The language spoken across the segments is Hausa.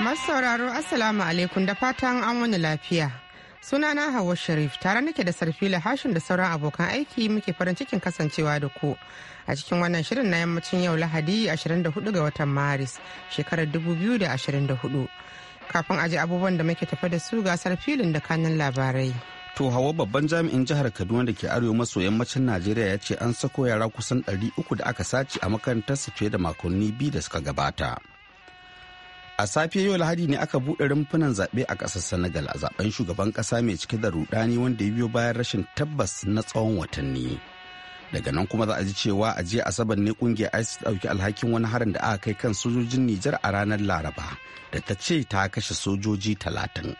Masu sauraro Assalamu alaikum da fatan an wani lafiya. Sunana hawa Sharif tare nake da Sarfila Hashin da sauran abokan aiki muke farin cikin kasancewa da ku a cikin wannan shirin na yammacin yau Lahadi 24 ga watan Maris shekarar 2024. Kafin aji abubuwan da muke tafi da su ga Sarfilin da kanin labarai. To hawa babban jami'in jihar Kaduna da ke arewa maso yammacin Najeriya ya ce an sako yara kusan 300 da aka sace a makarantarsu fiye da makonni biyu da suka gabata. a safiyar yau lahadi ne aka buɗe rumfunan zaɓe a ƙasar senegal a zaɓen shugaban ƙasa mai cike da rudani wanda ya biyo bayan rashin tabbas na tsawon watanni daga nan kuma za a ji cewa a jiya asabar ne ƙungiyar isis ɗauki alhakin wani harin da aka kai kan sojojin nijar a ranar laraba da ta ce ta kashe sojoji talatin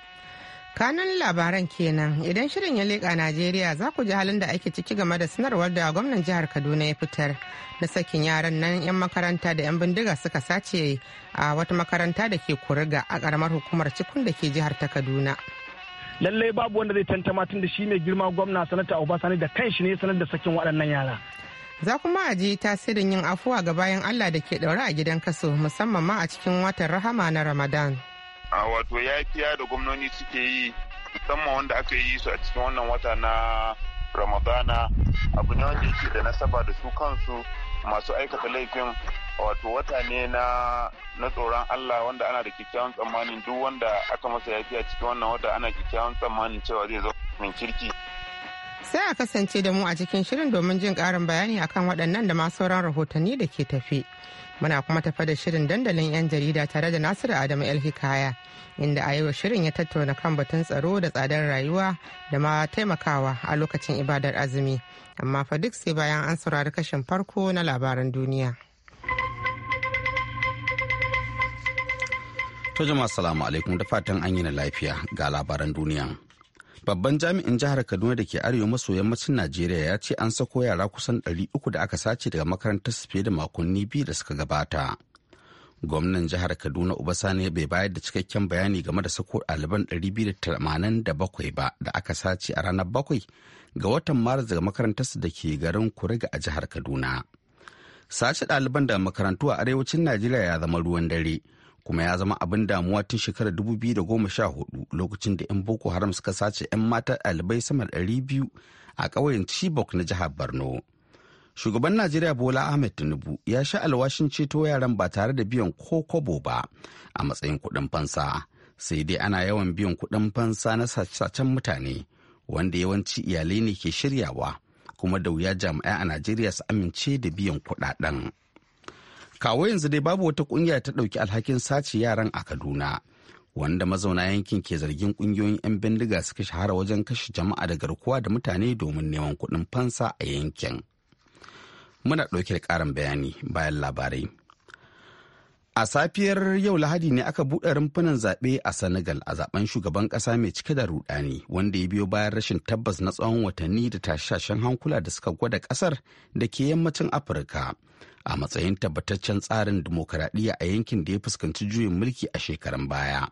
kanun labaran kenan idan shirin ya leƙa najeriya za ku ji halin da ake ciki game da sanarwar da gwamnan jihar kaduna ya fitar na sakin yaran nan 'yan makaranta da 'yan bindiga suka sace a wata makaranta da ke kuriga a ƙaramar hukumar cikun da ke jihar ta kaduna lallai babu wanda zai tantama tun da shi mai girma gwamna sanata obasani da kanshi ne sanar da sakin waɗannan yara za kuma a ji tasirin yin afuwa ga bayan allah da ke ɗaure a gidan kaso musamman ma a cikin watan rahama na ramadan a wato yafiya da gwamnoni suke yi musamman wanda aka yi su a cikin wannan wata na ramadana abu ne wanda yake da nasaba da su kansu masu aikata laifin wato wata ne na tsoron Allah wanda ana da kyakkyawan tsammanin duk wanda aka masa yafiya cikin wannan wata ana kyakkyawan tsammanin cewa zai zo min kirki sai a kasance da mu a cikin shirin domin jin karin bayani akan waɗannan da ma sauran rahotanni da ke tafi Muna kuma tafa da shirin dandalin 'yan jarida tare da Nasiru Adamu El Hikaya, inda a yau shirin ya tattauna kan batun tsaro da tsadar rayuwa da ma taimakawa a lokacin ibadar azumi. Amma fa duk sai bayan an saurari kashin farko na labaran duniya. To jama'a salamu alaikum da fatan an yi na lafiya ga labaran duniya. Babban jami'in jihar Kaduna da ke arewa maso yammacin Najeriya ya ce an sako yara kusan ɗari 300 da aka sace daga makarantar su fiye da makonni biyu da suka gabata. Gwamnan jihar Kaduna Uba Ubasani bai bayar da cikakken bayani game da sako ɗaliban ɗari da bakwai ba da aka sace a ranar bakwai ga watan Maris daga makarantar su da ke garin Kuriga a jihar Kaduna. Sace ɗaliban da makarantu a arewacin Najeriya ya zama ruwan dare. kuma ya zama abin damuwa tun shekarar 2014 lokacin da 'yan boko haram suka sace 'yan mata ɗalibai sama da 200 a ƙauyen chibok na jihar borno shugaban najeriya bola ahmed tinubu ya sha alwashin ceto yaran ba tare da biyan ko kobo ba a matsayin kuɗin fansa sai dai ana yawan biyan kuɗin fansa na sacen mutane wanda yawanci iyalai ne ke shiryawa kuma da wuya jami'ai a najeriya su amince da biyan kuɗaɗen. kawo yanzu dai babu wata kungiya ta ɗauki alhakin sace yaran a kaduna wanda mazauna yankin ke zargin kungiyoyin 'yan bindiga suka shahara wajen kashe jama'a da garkuwa da mutane domin neman kuɗin fansa a yankin muna ɗauke da ƙarin bayani bayan labarai a safiyar yau lahadi ne aka buɗe rumfunan zaɓe a senegal a zaben shugaban ƙasa mai cike da rudani wanda ya biyo bayan rashin tabbas na tsawon watanni da tashashen hankula da suka gwada ƙasar da ke yammacin afirka a matsayin tabbataccen tsarin dimokuraɗiyya a yankin da ya fuskanci juyin mulki a shekarun baya.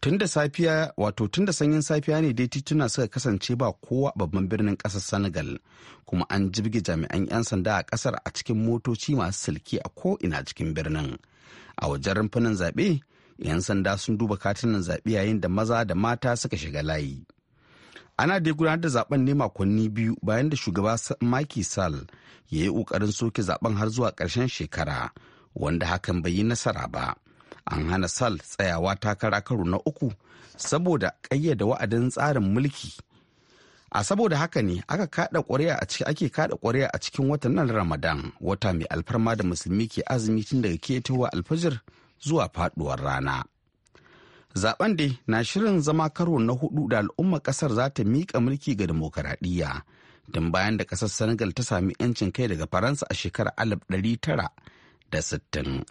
Tun da safiya wato tun sanyin safiya ne dai tituna suka kasance ba kowa babban birnin ƙasar Senegal kuma an jibge jami'an 'yan sanda a ƙasar a cikin motoci masu silki a ko'ina cikin birnin. A wajen rumfunan zaɓe 'yan sanda sun duba katunan zaɓe yayin da maza da mata suka shiga layi. ana dai gudanar da zaben ne makonni biyu bayan da shugaba Macky Sall ya yi ƙoƙarin soke zaben har zuwa ƙarshen shekara wanda hakan bai yi nasara ba an hana Sall tsayawa takara karo na uku saboda ƙayyada wa'adin tsarin mulki a saboda haka ne aka kada ƙuri'a a cikin ake kada ƙuri'a a cikin watan nan Ramadan wata mai alfarma da musulmi ke azumi tun daga ketowa alfajir zuwa faduwar rana zaben dai na shirin zama karo na hudu da al'ummar kasar za ta miƙa mulki ga demokaradiyya tun bayan da kasar senegal ta sami 'yancin kai daga faransa a shekarar 1960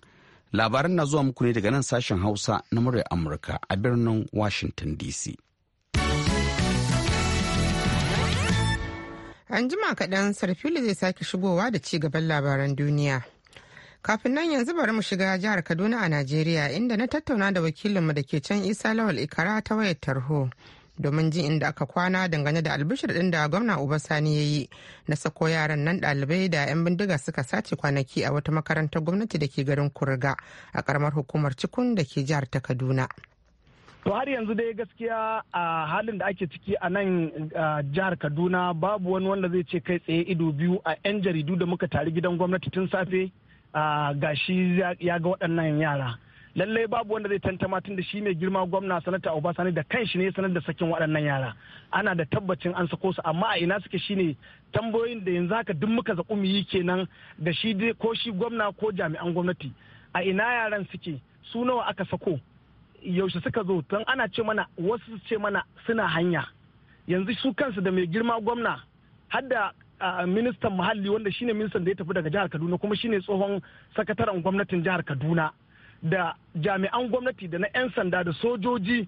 labaran na zuwa muku ne daga nan sashen hausa na murya amurka a birnin washington dc an kaɗan sarfili zai sake shigowa da ci gaban labaran duniya Kafin nan yanzu bari mu shiga jihar Kaduna a Najeriya inda na tattauna da wakilinmu da ke can Isa Lawal Ikara ta wayar tarho. domin jin inda aka kwana dangane da albishir din da gwamna uba sani ya yi na sako yaran nan dalibai da 'yan bindiga suka sace kwanaki a wata makarantar gwamnati da ke garin Kurga a karamar hukumar Cikun da ke jihar ta Kaduna. To har yanzu dai gaskiya a halin da ake ciki a nan jihar Kaduna babu wani wanda zai ce kai tsaye ido biyu a 'yan jaridu da muka tari gidan gwamnati tun safe gashi ya ga waɗannan yara lallai babu wanda zai tantama tun da shi ne girma gwamna sanata obasani da kanshi ne sanar da sakin waɗannan yara ana da tabbacin an sako su amma a ina suke shine tambayoyin da yanzu haka duk muka zaƙumi yi kenan da shi dai ko shi gwamna ko jami'an gwamnati a ina yaran suke su nawa aka sako yaushe suka zo don ana ce mana wasu su ce mana suna hanya yanzu su kansu da mai girma gwamna har da ministan muhalli wanda shine ministan da ya tafi daga jihar kaduna kuma shine tsohon sakataren gwamnatin jihar kaduna da jami'an gwamnati da na 'yan sanda da sojoji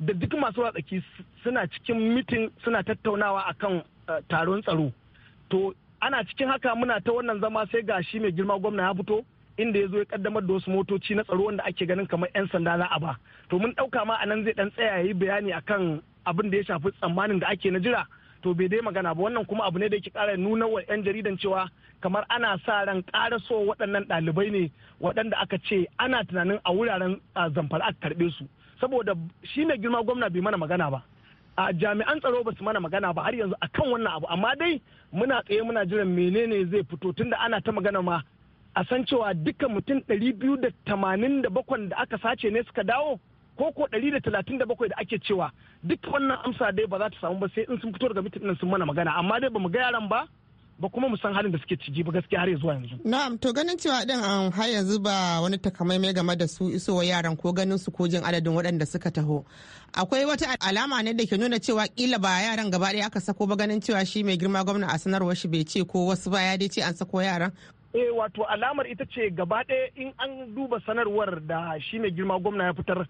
da duk masu watsaki suna cikin mitin suna tattaunawa akan eh, taron tsaro to ana cikin haka muna ta wannan zama sai ga shi mai girma gwamna ya fito inda ya zo ya kaddamar da wasu motoci na tsaro wanda ake ganin kamar 'yan sanda za a ba to mun ɗauka ma a nan zai dan tsaya ya yi bayani akan abin da ya shafi tsammanin da ake na jira to bai dai magana ba wannan kuma abu ne da yake kara nuna wa 'yan jaridan cewa kamar ana sa ran kara so waɗannan ɗalibai ne waɗanda aka ce ana tunanin a wuraren zamfara aka karɓe su saboda shi mai girma gwamna bai mana magana ba a jami'an tsaro ba su mana magana ba har yanzu akan wannan abu amma dai muna tsaye muna jiran menene zai fito tunda ana ta magana ma a san cewa duka mutum ɗari biyu da tamanin da aka sace ne suka dawo ko ko 137 da talatin da bakwai da ake cewa duk wannan amsa dai ba za ta samu ba sai in sun fito daga mitin nan sun mana magana amma dai ba mu ga yaran ba ba kuma mu san halin da suke ciki ba gaskiya har zuwa yanzu. Na'am to ganin cewa din an um, har yanzu ba wani takamaimai game da su isowa yaran ko ganin su ko jin adadin waɗanda suka taho. Akwai wata alama ne da ke nuna cewa kila ba yaran gaba ɗaya aka sako ba ganin cewa shi mai girma gwamna a sanarwar shi bai ce ko wasu ba ya dai an sako yaran. Eh wato alamar ita ce gaba ɗaya in an duba sanarwar da shi mai girma gwamna ya fitar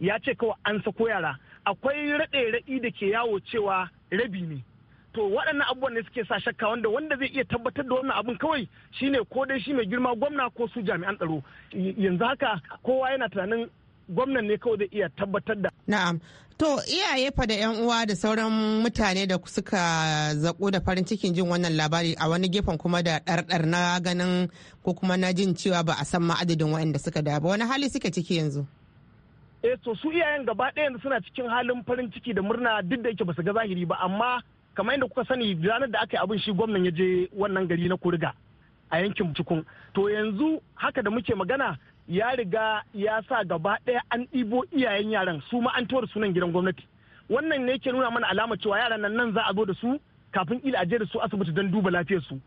ya ce kawai an sako yara akwai raɗe raɗi da ke yawo cewa rabi ne to waɗannan abubuwan ne suke sa shakka wanda wanda zai iya tabbatar da wannan abin kawai shine ko dai shi mai girma gwamna ko su jami'an tsaro yanzu haka kowa yana tunanin gwamnan ne kawai zai iya tabbatar da na'am to iyaye fa da yan uwa da sauran mutane da suka zaƙo da farin cikin jin wannan labari a wani gefen kuma da ɗarɗar na ganin ko kuma na jin cewa ba a san ma'adadin adadin waɗanda suka da ba wani hali suke ciki yanzu eh to su iyayen gaba ɗaya suna cikin halin farin ciki da murna duk da yake basu ga zahiri ba amma kamar yadda kuka sani ranar da aka yi abin shi gwamnan ya je wannan gari na kuriga a yankin cikin to yanzu haka da muke magana ya riga ya sa gaba ɗaya an ɗibo iyayen yaran su ma an tura sunan gidan gwamnati wannan ne ke nuna mana alamar cewa yaran nan nan za a zo da su kafin ila aje da su asibiti don duba su.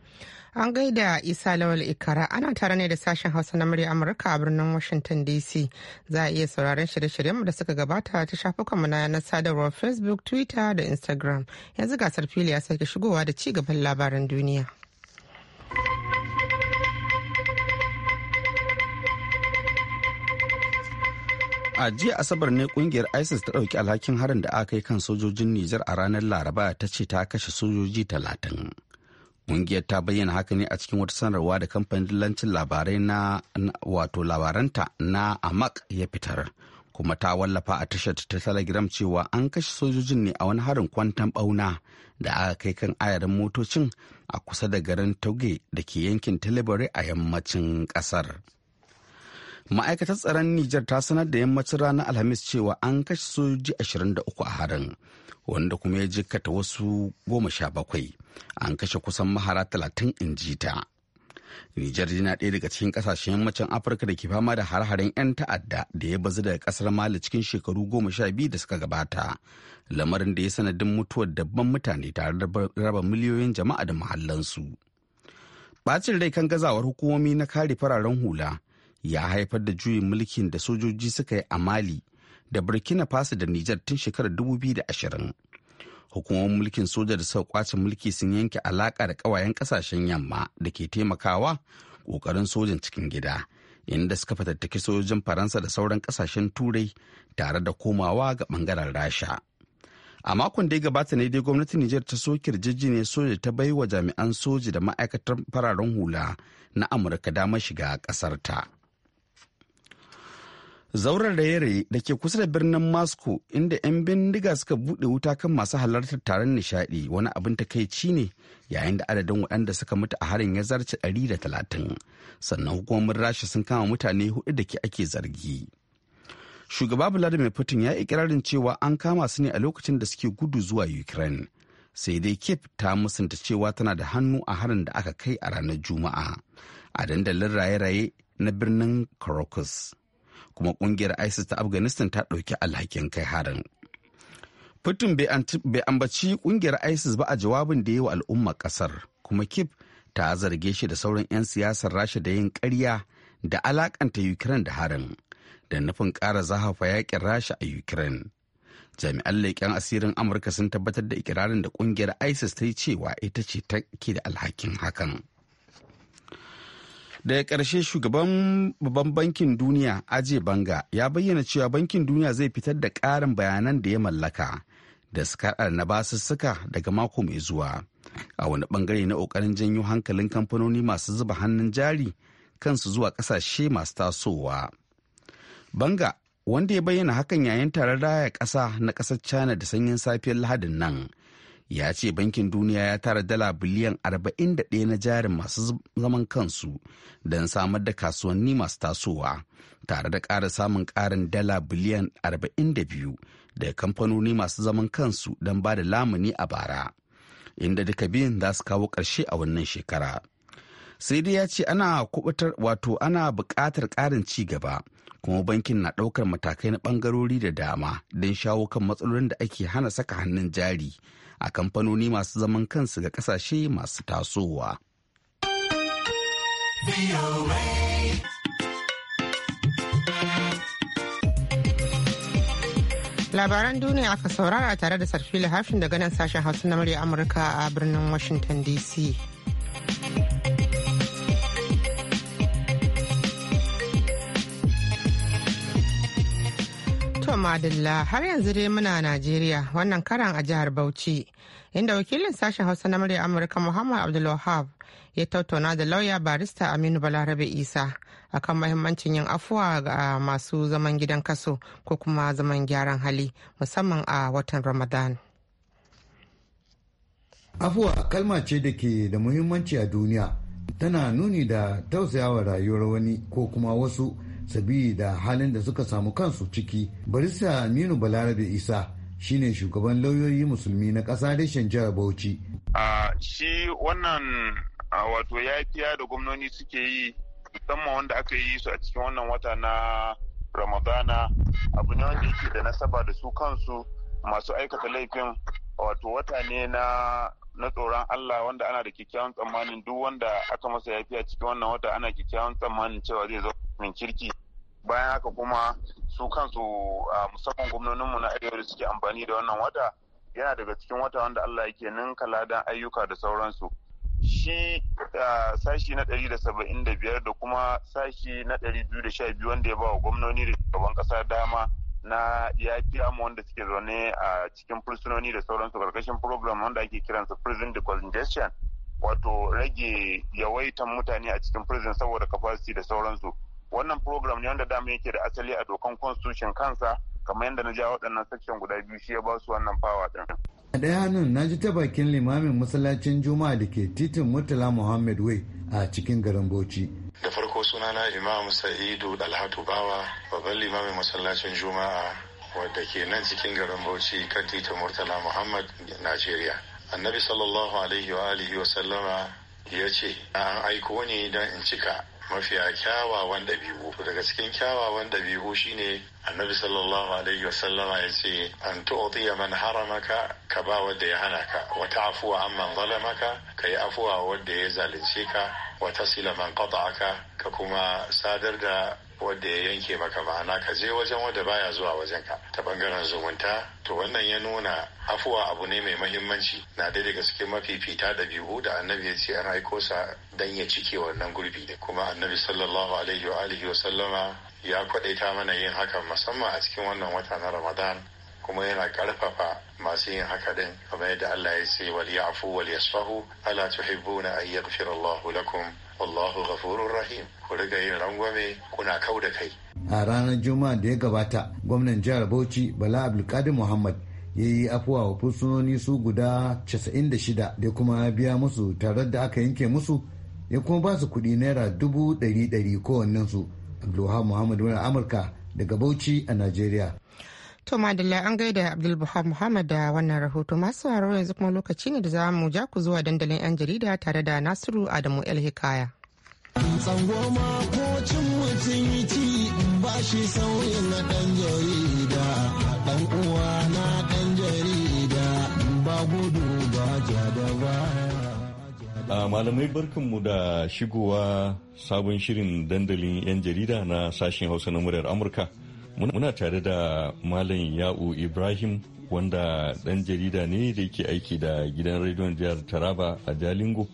An gaida Isa Lawal Ikara ana tare ne da sashen Hausa na murya Amurka a birnin Washington DC. Za a iya sauraron shirye-shiryenmu da suka gabata ta shafukanmu na yanar sadarwar Facebook, Twitter da Instagram. Yanzu gasar fili ya sake shigowa da ci gaban labaran duniya. a jiya asabar ne kungiyar isis ta ɗauki alhakin harin da aka yi kan sojojin nijar a ranar laraba ta ce ta kashe sojoji talatin kungiyar ta bayyana haka ne a cikin wata sanarwa da kamfanin lancin labarai na wato labaranta na amak ya fitar kuma ta wallafa a tashar ta telegram cewa an kashe sojojin ne a wani harin kwantan bauna da aka kai kan ayarin motocin a kusa da garin tauge da ke yankin talibari a yammacin kasar. ma'aikatar tsaron Nijar ta sanar da yammacin ranar Alhamis cewa an kashe soji 23 a harin, wanda kuma ya jikkata wasu goma sha bakwai. An kashe kusan mahara talatin in jita. Nijar yana ɗaya daga cikin ƙasashen yammacin Afirka da ke fama da har-haren 'yan ta'adda da ya bazu daga ƙasar Mali cikin shekaru goma sha biyu da suka gabata. Lamarin da ya sanadin mutuwar dabban mutane tare da raba miliyoyin jama'a da mahallansu. Bacin rai kan gazawar hukumomi na kare fararen hula ya haifar da juyin mulkin da sojoji suka yi a mali da burkina faso da nijar tun shekarar 2020 hukumomin mulkin soja da suka kwace mulki sun yanke alaka da ƙawayen ƙasashen yamma da ke taimakawa ƙoƙarin sojan cikin gida inda suka fatattaki sojojin faransa da sauran ƙasashen turai tare da komawa ga bangaren rasha a makon da ya gabata ne dai gwamnatin Nijar ta soke ne soja ta bai wa jami'an soja da ma'aikatar fararen hula na Amurka damar shiga ƙasarta. zauren raye-raye da ke kusa da birnin moscow inda 'yan bindiga suka buɗe wuta kan masu halartar taron nishadi wani abin takaici ne yayin da adadin waɗanda suka mutu a harin ya zarce talatin, sannan hukumomin rasha sun kama mutane hudu da ke ake zargi shugaba vladimir putin ya yi ikirarin cewa an kama su ne a lokacin da suke gudu zuwa ukraine sai dai kef ta musanta cewa tana da hannu a harin da aka kai a ranar juma'a a dandalin raye-raye na birnin caracas kuma kungiyar isis ta afghanistan ta ɗauki alhakin kai harin putin bai ambaci kungiyar isis ba a jawabin da yi wa al'ummar kasar kuma kif ta zarge shi da sauran 'yan siyasar rasha da yin karya da alakanta ukraine da harin da nufin kara zahafa yakin rasha a ukraine jami'an leƙen asirin amurka sun tabbatar da ikirarin da ƙungiyar isis ta yi cewa ita ce take da alhakin hakan daga ƙarshe shugaban babban bankin duniya aje banga ya bayyana cewa bankin duniya zai fitar da ƙarin bayanan da ya mallaka da suka na basussuka daga mako mai zuwa a wani bangare na ƙoƙarin janyo hankalin kamfanoni masu zuba hannun jari kansu zuwa ƙasashe masu tasowa banga wanda ya bayyana hakan yayin taron raya ƙasa na ƙasar china da sanyin safiyar lahadin nan ya ce bankin duniya ya tara dala biliyan 41 na jarin masu zaman kansu don samar da kasuwanni masu tasowa tare da ƙara samun ƙarin dala biliyan 42 da kamfanoni masu zaman kansu don ba da lamuni a bara inda duka biyun za su kawo ƙarshe a wannan shekara sai dai ya ce ana kubutar wato ana buƙatar ƙarin ci gaba kuma bankin na ɗaukar matakai na ɓangarori da dama don shawo kan matsalolin da ake hana saka hannun jari a kamfanoni masu zaman kansu ga kasashe masu tasowa. Labaran duniya aka saurara tare da sarfila harshen daga nan sashen hausa na murya Amurka a birnin Washington DC. adilla har yanzu dai muna Najeriya wannan karan a jihar Bauchi inda wakilin sashen Hausa na murya Amurka Muhammad Abdulwahab ya tattauna da lauya barista Aminu Balarabe Isa akan mahimmancin yin afuwa ga masu zaman gidan kaso ko kuma zaman gyaran hali musamman a watan Ramadan. Afuwa kalma ce da ke da muhimmanci a duniya tana nuni da tausayawa rayuwar wani ko kuma wasu sabida halin da suka samu kansu ciki barista aminu balarabe isa shine shugaban lauyoyi musulmi na kasa reshen jihar bauchi shi wannan wato yafiya da gwamnoni suke yi musamman wanda aka yi su a cikin wannan wata na ramadana abu ne wanda yake da nasaba da su kansu masu aikata laifin wato wata ne na na tsoron Allah wanda ana da kyakkyawan tsammanin duk wanda aka masa yafi a cikin wannan wata ana kyakkyawan tsammanin cewa zai zo min kirki bayan haka kuma su kansu musamman gwamnoninmu na arewa da suke amfani da wannan wata yana daga cikin wata wanda Allah yake ninka ladan ayyuka da sauransu shi sashi na ɗari da saba'in da da biyar kuma sashi na ɗari biyu da sha biyu wanda ya ba wa gwamnoni da shugaban kasa dama na ya mu wanda suke zaune a cikin fursunoni da sauransu karkashin program wanda ake kiransa prison decongestion wato rage yawaitan mutane a cikin prison saboda capacity da sauransu wannan program ne wanda dama yake da asali a dokan constitution kansa kamar yadda na ja waɗannan section guda biyu shi ya ba su wannan fawa ɗin. a ɗaya hannun na ji ta bakin limamin masallacin juma'a da ke titin murtala muhammad way a cikin garin bauchi. da farko sunana imam sa'idu dalhatu bawa babban limamin masallacin juma'a wadda ke nan cikin garin bauchi kan titin murtala muhammad najeriya annabi sallallahu alaihi wa sallama ya ce an aiko ni don in cika mafiya kyawawan ɗabi'u to daga cikin kyawawan ɗabi'u shine annabi sallallahu alaihi wasallama ya ce an tu'tiya man haramaka ka ba wanda ya hana ka wa ta'fu amman zalamaka kai afuwa wanda ya zalunce ka Wata silaman man qata'aka ka kuma sadar da wanda ya yanke maka ma'ana ka je wajen wanda baya zuwa wajen ka ta bangaren zumunta to wannan ya nuna afuwa abu ne mai mahimmanci na da daga cikin mafifita ɗabi'u da annabi ya ce an aiko sa dan ya cike wannan gurbi da kuma annabi sallallahu alaihi wa alihi wa sallama ya kwadaita mana yin hakan musamman a cikin wannan wata na ramadan kuma yana karfafa masu yin haka din kamar yadda Allah ya ce wal ya'fu wal yasfahu ala tuhibbuna an yaghfira Allah, lakum wallahu ghafurur rahim ku riga yin rangwame kuna kau da kai a ranar juma'a da ya gabata gwamnan jihar Bauchi Bala Abdulkadir Muhammad ya yi afuwa wa fursunoni su guda 96 da kuma biya musu tare da aka yanke musu ya kuma ba su kuɗi naira dubu ɗari ɗari kowannensu abdulwahab muhammadu wani amurka daga bauchi a najeriya To Madalla an gaida Buhar Muhammad da wannan rahoto masu haro yanzu kuma lokaci ne da za mu ja ku zuwa dandalin 'yan jarida tare da Nasiru Adamu El Hikaya. Tsango ko cin uwa na jarida ba gudu Malamai barkanmu da shigowa sabon shirin dandalin 'yan jarida na sashen Hausa na muryar Amurka. muna tare da malam ya'u ibrahim wanda dan jarida ne da yake aiki da gidan rediyon jihar taraba a jalingo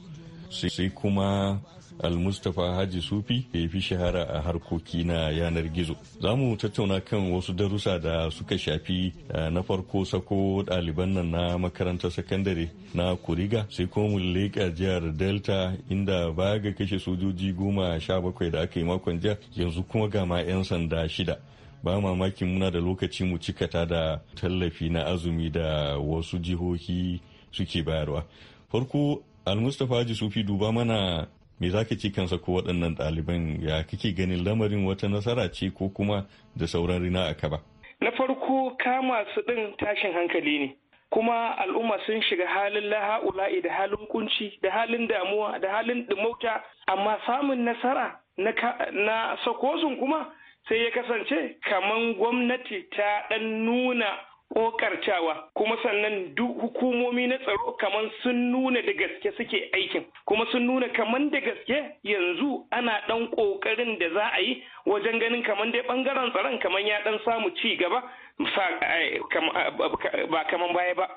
sai kuma almustapha haji sufi da ya fi shahara a harkoki na yanar gizo za mu tattauna kan wasu darussa da suka shafi eh, na farko sako ɗaliban nan na makarantar sakandare na kuriga sai kuma mu leƙa jihar delta inda baya ga kashe sojoji goma sha bakwai da aka yi makon jiya yanzu kuma gama 'yan sanda shida ba mamakin muna da lokaci mu cikata da tallafi na azumi da wasu jihohi suke bayarwa farko almustapha ji sufi duba mana me za ka ce kansa ko waɗannan ɗaliban ya kake ganin lamarin wata nasara ce ko kuma da sauran rina a kaba na farko kama su ɗin tashin hankali ne kuma al'umma sun shiga halin laha'ula'i da halin kunci da halin damuwa da halin ɗumauta amma samun nasara na, na sakosun kuma sai ya kasance kaman gwamnati ta ɗan nuna ƙoƙarcewa kuma sannan duk hukumomi na tsaro kaman sun nuna da gaske suke aikin kuma sun nuna kaman da gaske yanzu ana ɗan ƙoƙarin da za a yi wajen ganin kaman dai bangaren tsaron kaman ya dan samu ci gaba eh, eh, ba kaman baya ba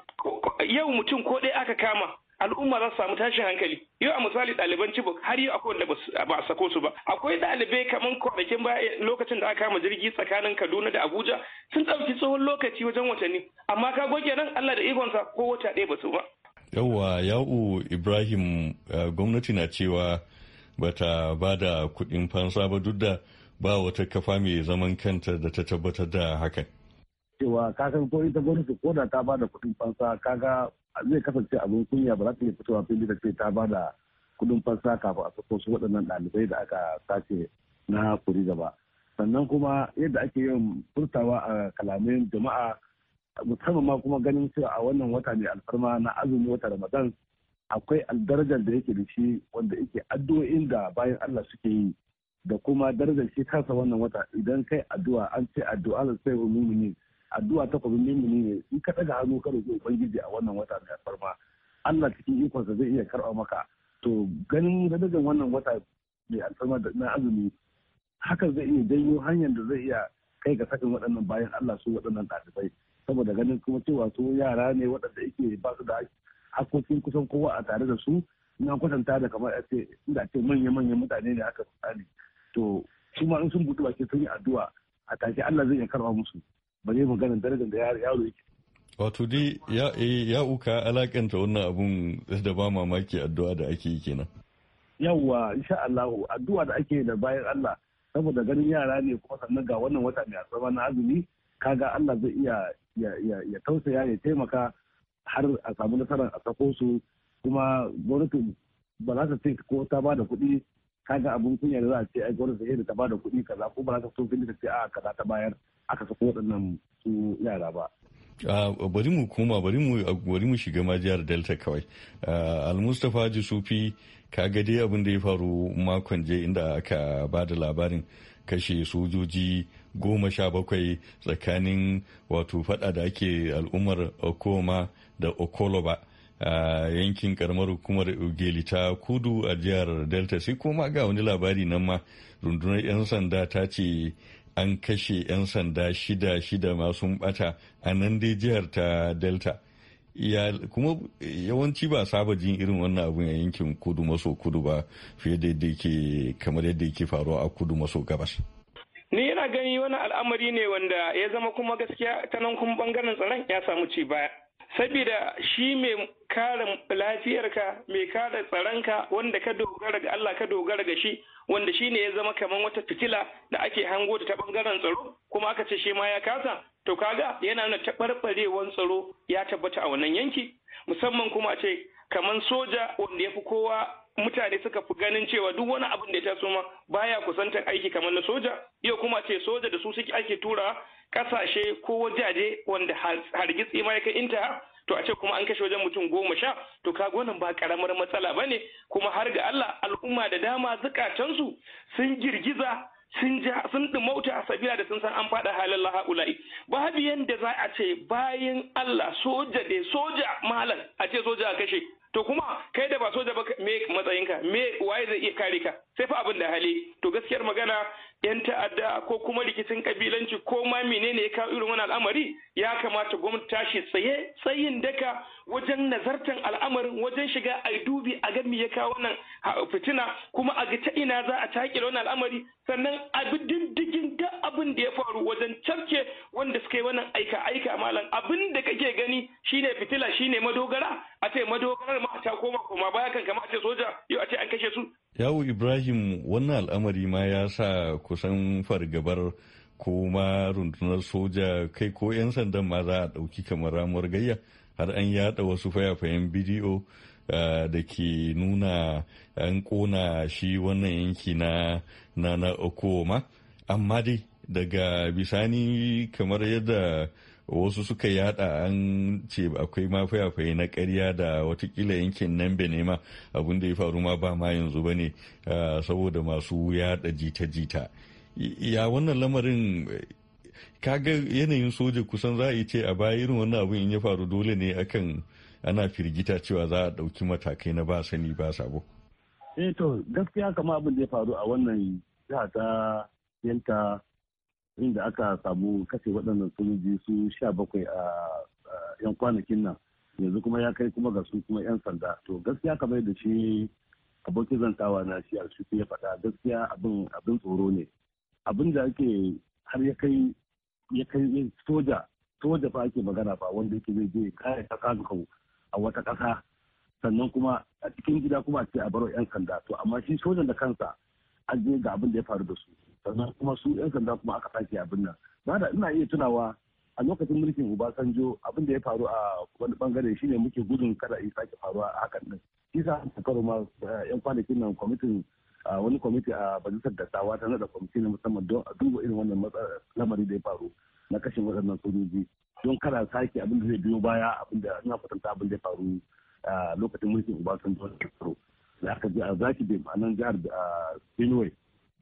yau mutum ko dai aka kama al'umma za su samu tashin hankali yau a misali ɗaliban cibok har yau akwai wanda ba a sako su ba akwai ɗalibai kamar kwanakin baya lokacin da aka kama jirgi tsakanin kaduna da abuja sun ɗauki tsohon lokaci wajen watanni amma ka goge nan allah da ikonsa ko wata ɗaya ba su ba. yawwa ya'u ibrahim eh, gwamnati na cewa bata ba da kuɗin fansa ba duk da ba wata kafa mai zaman kanta da ta tabbatar da hakan. cewa kakan ko ita gwamnati ko da ta ba da kuɗin fansa kaga zai kasance abin kunya ba za ta iya fitowa fili da ce ta ba da kudin fansa kafin a sako su waɗannan ɗalibai da aka sace na kuri gaba sannan kuma yadda ake yin furtawa a kalamai jama'a musamman ma kuma ganin cewa a wannan wata mai alfarma na azumi wata ramadan akwai aldarajar da yake da shi wanda yake addu'o'in da bayan allah suke yi da kuma darajar shi kansa wannan wata idan kai addu'a an ce addu'a da sai umumini addu'a ta kwabin mimini ne in ka daga hannu ka roƙi ubangiji a wannan wata mai farma Allah cikin ikonsa zai iya karɓa maka to ganin da wannan wata mai alfarma na azumi hakan zai iya janyo hanyar da zai iya kai ga sakin waɗannan bayan Allah su waɗannan ɗalibai saboda ganin kuma cewa su yara ne waɗanda yake ba su da hakokin kusan kowa a tare da su na kwatanta da kamar a ce inda ce manya-manyan mutane ne aka tsani to su ma in sun buɗe baki sun yi addu'a a take Allah zai iya karɓa musu ba zai maganin darajar da yaro yake wato dai ya eh, uka alakanta wannan abun da ba mamaki addu'a da ake yi kenan yawwa insha Allah addu'a da ake da bayan Allah saboda ganin yara ne kuma sannan ga wannan wata mai asaba na azumi kaga Allah zai iya ya tausaya ya taimaka har a samu nasarar a sako su kuma gwamnati ba za ta ce ko ta ba da kuɗi kaga abun kunya da za a ce ai gwamnati ta ba da kuɗi kaza ko ba za ta so ta ce a kaza ta bayar aka saka waɗannan su yara ba bari mu koma bari mu bari mu shiga ma jihar delta kawai almustapha jusufi ka ga dai abin da ya faru makon je inda aka ba da labarin kashe sojoji goma sha bakwai tsakanin wato fada da ake al'ummar okoma da okoloba a yankin karamar hukumar ogeli ta kudu a jihar delta sai kuma ga wani labari nan ma rundunar 'yan sanda ta ce an kashe 'yan sanda shida shida masu bata a nan dai jihar ta delta kuma yawanci ba saba jin irin wannan abun a yankin kudu maso kudu ba fiye da yadda yake kamar yadda yake faruwa a kudu maso gabas ni yana gani wani al'amari ne wanda ya zama kuma gaskiya ta nan kuma bangaren tsaron ya samu ci baya saboda shi mai kare lafiyarka mai kare tsaronka wanda ka dogara ga Allah ka dogara ga shi wanda shi ne ya zama kamar wata fitila da ake hango ta bangaren tsaro kuma aka ce shi ma ya kasa to kaga yana nuna taɓarɓarewar tsaro ya tabbata a wannan yanki musamman kuma ce kamar soja wanda ya fi kowa mutane suka fi ganin cewa duk wani abin da ya taso ma baya kusantar aiki kamar na soja iya kuma ce soja da su suke ake tura kasashe ko wajaje wanda hargitsi ma ya kai inta to a ce kuma an kashe wajen mutum goma sha to ka wannan ba karamar matsala ba ne kuma har ga Allah al'umma da dama zukatansu sun girgiza sun ja sun dumauta sabila da sun san an fada halin laha'ula'i babu yadda za a ce bayan Allah soja da soja malam a ce soja a kashe to kuma kai da ba soja ba me matsayinka me waye zai iya kare ka sai fa abin da hali to gaskiyar magana 'yan ta'adda ko kuma rikicin kabilanci ko ma menene ya kawo irin wani al'amari ya kamata gwamnati shi tsaye tsayin daka wajen nazartan al'amarin wajen shiga a dubi a ga me ya kawo wannan fitina kuma a ga ta ina za a taƙile wannan al'amari sannan a bi diddigin duk abin da ya faru wajen carke wanda suka yi wannan aika aika malam abin da kake gani shine fitila shine madogara a ce madogarar ma ta koma koma baya kan kamata soja yau a ce an kashe su yawo ibrahim wannan al'amari ma ya sa kusan fargabar ko ma rundunar soja kai ko 'yan sandan ma za a ɗauki kamar ramuwar gayya har an yada wasu fayafayen bidiyo da ke nuna an ƙona shi wannan yanki na na okoma amma dai daga bisani kamar yadda wasu suka yada an ce akwai mafayafaye na karya da watakila yankin nan bene ma abin da ya faru ma ba ma yanzu ba ne saboda masu yada jita-jita ya wannan lamarin kaga yanayin soja kusan za a ce a baya irin wannan abin in ya faru dole ne akan ana firgita cewa za a ɗauki matakai na ba sani ba sabo. eh gaskiya kama abin da ya faru a wannan jiha ta inda aka samu kashe waɗannan sojoji su sha bakwai a yan kwanakin nan yanzu kuma ya kai kuma ga su kuma yan sanda to gaskiya kamar da shi abokin zantawa na shi a ya faɗa gaskiya abin tsoro ne abin da ake har ya kai ya kai soja soja fa ake magana fa wanda yake zai je kare ta kanku a wata ƙasa sannan kuma a cikin gida kuma ce a baro yan sanda to amma shi sojan da kansa an je ga abin da ya faru da su sannan kuma su 'yan sanda kuma aka sake abin nan ba da ina iya tunawa a lokacin mulkin Obasanjo abin da ya faru a wani bangare shine muke gudun kada ya sake faruwa a hakan din shi sa karo ma yan kwanakin nan kwamitin wani kwamiti a majalisar dattawa ta nada kwamiti na musamman don a duba irin wannan lamari da ya faru na kashin waɗannan sojoji don kada sake abin da zai biyo baya abin da ina kwatanta abin da ya faru a lokacin mulkin Obasanjo da aka ji a zaki a nan jihar Benue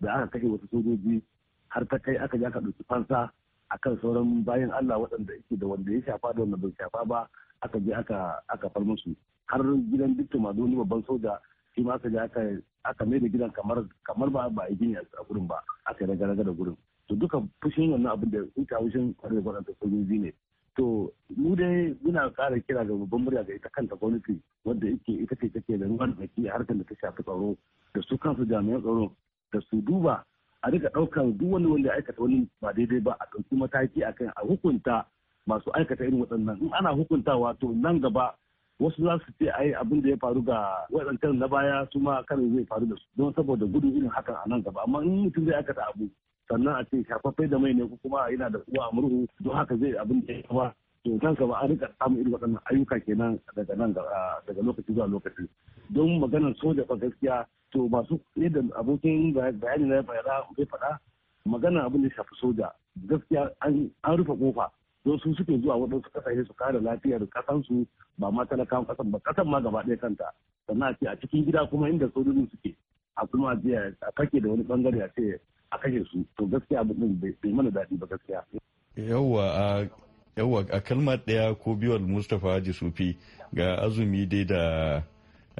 da aka kashe wasu sojoji har ta kai aka ji aka ɗauki fansa akan sauran bayan Allah waɗanda yake da wanda ya shafa da wanda bai shafa ba aka je aka aka far musu har gidan dukkan madoni babban soja shi ma aka je aka aka mai da gidan kamar kamar ba ba yi gini a gurin ba aka yi raga da gurin to duka fushin wannan abin da sun kawo shin kwarai kwarai sojoji ne to mu dai muna ƙara kira ga babban murya ga ita kanta gwamnati wadda ita ce take da ruwan da a harkar da ta shafi tsaro da su kansu jami'an tsaro da su duba a rika ɗaukan duk wani wanda aikata wani ba daidai ba a ɗauki mataki akan a hukunta masu aikata irin waɗannan in ana hukuntawa to nan gaba wasu za su ce ai abin da ya faru ga waɗancan na baya su ma karin zai faru da su don saboda gudun irin hakan a nan gaba amma in mutum zai aikata abu sannan a ce shafaffai da mai ne ko kuma yana da uwa a murhu don haka zai abin da ya ba to nan gaba an rika samun irin waɗannan ayyuka kenan daga nan daga lokaci zuwa lokaci don maganar soja fa gaskiya to masu yadda abokin bayani na bayana bai faɗa magana abin da shafi soja gaskiya an rufe kofa don su suke zuwa waɗansu ƙasashe su kare lafiyar ƙasansu ba ma talakawan ƙasan ba ƙasan ma gaba ɗaya kanta sannan a ce a cikin gida kuma inda sojojin suke a kuma a kake da wani bangare a ce a kashe su to gaskiya abin bai mana daɗi ba gaskiya. yawwa a kalmar ɗaya ko biyuwar mustapha haji sufi ga azumi dai da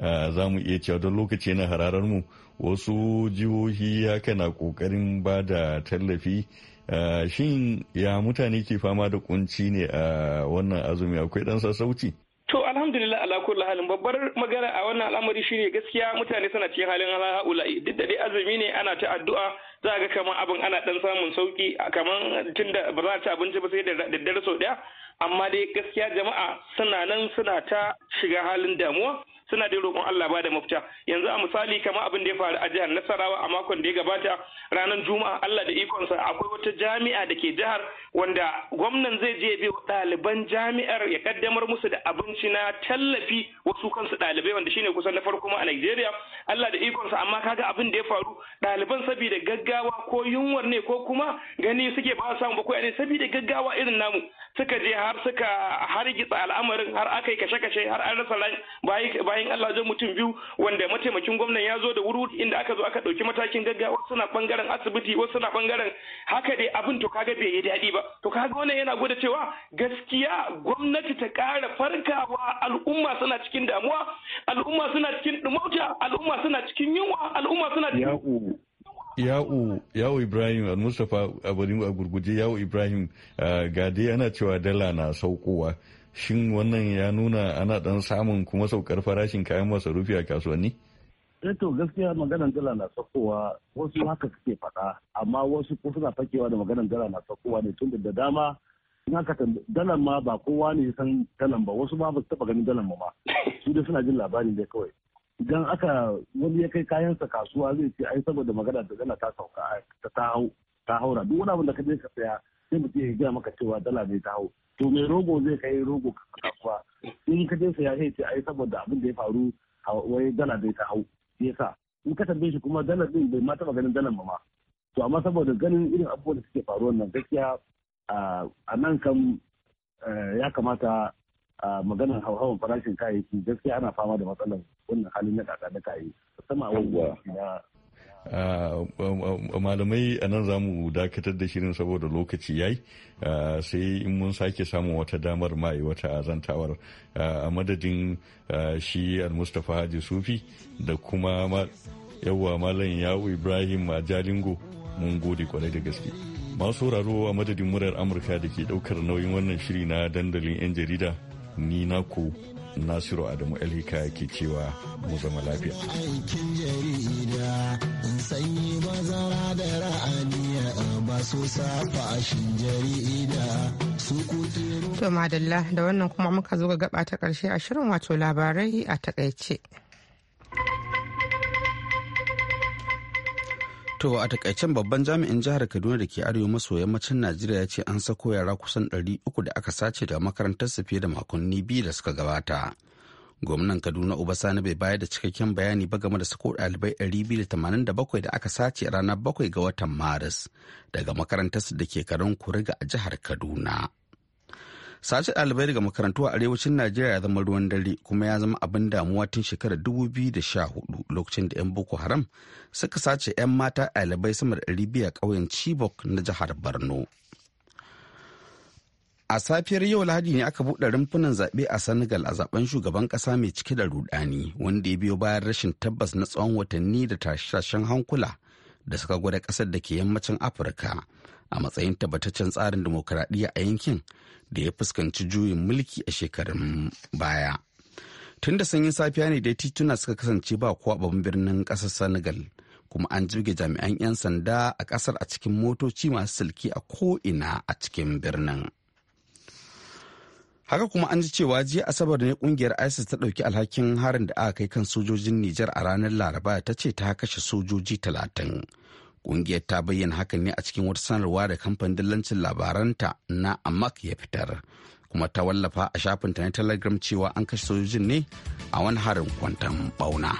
Eh, za mu iya cewa don lokaci na hararar mu wasu jihohi ya na kokarin ba da tallafi eh, shin ya mutane ke fama da kunci ne a wannan azumi akwai dan sassauci to alhamdulillah ala kulli halin babbar magana a wannan al'amari shine gaskiya mutane suna cikin halin halaula'i duk da dai azumi ne ana ta addu'a za ga kamar abin ana dan samun sauki kamar tunda ba za ta ci abinci ba sai da daddare sau daya amma dai gaskiya jama'a suna nan suna ta shiga halin damuwa suna da roƙon Allah ba da mafita yanzu a misali kamar abin da ya faru a jihar Nasarawa a makon da ya gabata ranar Juma'a Allah da ikonsa akwai wata jami'a da ke jihar wanda gwamnan zai je bi ɗaliban jami'ar ya kaddamar musu da hukunci na tallafi wasu kansu ɗalibai wanda shine kusan na farko a Najeriya Allah da ikonsa amma kaga abin da ya faru ɗaliban saboda gaggawa ko yunwar ne ko kuma gani suke ba samu bakwai ne saboda gaggawa irin namu suka je har suka hargitsa al'amarin har aka yi kashe-kashe har an rasa bayan Allah zai mutum biyu wanda mataimakin gwamnan ya zo da wuri inda aka zo aka ɗauki matakin gaggawa suna bangaren asibiti wasu suna bangaren haka dai abin to kaga bai yi daɗi ba to kaga wannan yana gwada cewa gaskiya gwamnati ta ƙara farka abu al'umma suna cikin damuwa al'umma suna cikin dumauta al'umma suna cikin yunwa al'umma suna cikin yawo ibrahim al-mustapha a gurguje yawo ibrahim ga dai ana cewa dala na saukowa shin wannan ya nuna ana dan samun kuma saukar farashin kayan masarufi a kasuwanni eh to gaskiya maganar dala na saukowa wasu haka suke faɗa amma wasu ko suna fakewa da maganar dala na saukowa ne tun da dama na haka dalan ma ba kowa ne san dalan ba wasu ma ba su taba ganin dalan ma su da suna jin labari ne kawai idan aka wani ya kai kayansa kasuwa zai ce ai saboda magana da dala ta sauka ta hau ta haura duk wani abin da ka je ka saya sai mutum ya gaya maka cewa dala ne ta hau to mai rogo zai kai rogo kasuwa in ka je saya sai ce ai saboda abin da ya faru wai dala bai ta hau ya sa in ka tambaye shi kuma dalar din bai ma taba ganin dalar ma to amma saboda ganin irin abubuwan da suke faruwa nan gaskiya a nan kan eh, ya kamata a maganar hauhawar farashin kayayyaki gaskiya ana fama da matsalar wannan halin na kaka da kayi musamman a malamai a nan za mu dakatar da shirin saboda lokaci ya yayi sai in mun sake samun wata damar mai wata azantawar a madadin shi almustapha haji sufi da kuma yawwa malam yawo ibrahim a jalingo mun gode kwarai da gaske. masu sauraro a madadin murar amurka da ke daukar nauyin wannan shiri na dandalin 'yan jarida ni na ku nasiru adamu alhika ke cewa mu zama lafiya aikin jarida sanyi bazara da ra'aniya ba su safa jarida su to madalla da wannan kuma muka zo ga gaba ta karshe a shirin wato labarai a takaice To a takaicen babban jami'in jihar Kaduna da ke arewa maso yammacin Najeriya ya ce an sako yara kusan ɗari uku da aka sace daga makarantar su fiye da makonni biyu da suka gabata. Gwamnan Kaduna Uba Sani bai bayar da cikakken bayani ba game da sako ɗalibai 287 da da bakwai aka sace ranar bakwai ga watan Maris daga makarantar su da ke karin Kuriga a jihar Kaduna. sace ɗalibai daga makarantu a arewacin najeriya ya zama ruwan dare kuma ya zama abin damuwa tun shekarar 2014 lokacin da 'yan boko haram suka sace 'yan mata ɗalibai sama da a ƙauyen chibok na jihar borno a safiyar yau lahadi ne aka buɗe rumfunan zaɓe a senegal a zaɓen shugaban ƙasa mai cike da rudani wanda ya biyo bayan rashin tabbas na tsawon watanni da tashashen hankula da suka gwada ƙasar da ke yammacin afirka a matsayin tabbataccen tsarin dimokuraɗiyya a yankin da ya fuskanci juyin mulki a shekarun baya tun da sanyin safiya ne dai tituna suka kasance ba kowa babban birnin ƙasar senegal kuma an jirge jami'an 'yan sanda a ƙasar a cikin motoci masu silki a ko'ina a cikin birnin haka kuma an ji cewa jiya asabar ne kungiyar isis ta ɗauki alhakin harin da aka kai kan sojojin nijar a ranar laraba ta ce ta kashe sojoji talatin Ƙungiyar ta bayyana hakan ne a cikin wata sanarwa da kamfanin dillancin labaranta na Amak ya fitar. Kuma ta wallafa a shafin ta na Telegram cewa an kashe sojojin ne a wani harin kwantan bauna.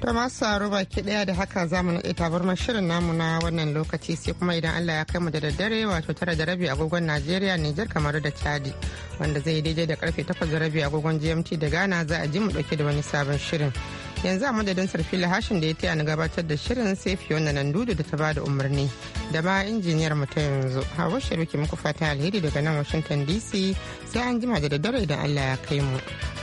To masu saro baki daya da haka za mu naɗe tabarmar shirin namu na wannan lokaci sai kuma idan Allah ya kai mu da daddare wato tara da rabi agogon Najeriya Nijar kamar da Chadi wanda zai daidai da karfe takwas da rabi agogon GMT da Ghana za a ji mu ɗauke da wani sabon shirin. yanzu a madadin sarfi lahashin da ya taya ni gabatar da shirin sai fiona nan dudu da ta ba da umarni da ma injiniyar mu ta yanzu hawa shiruki muku fata alheri daga nan washington dc sai an jima da daddare idan allah ya kai mu.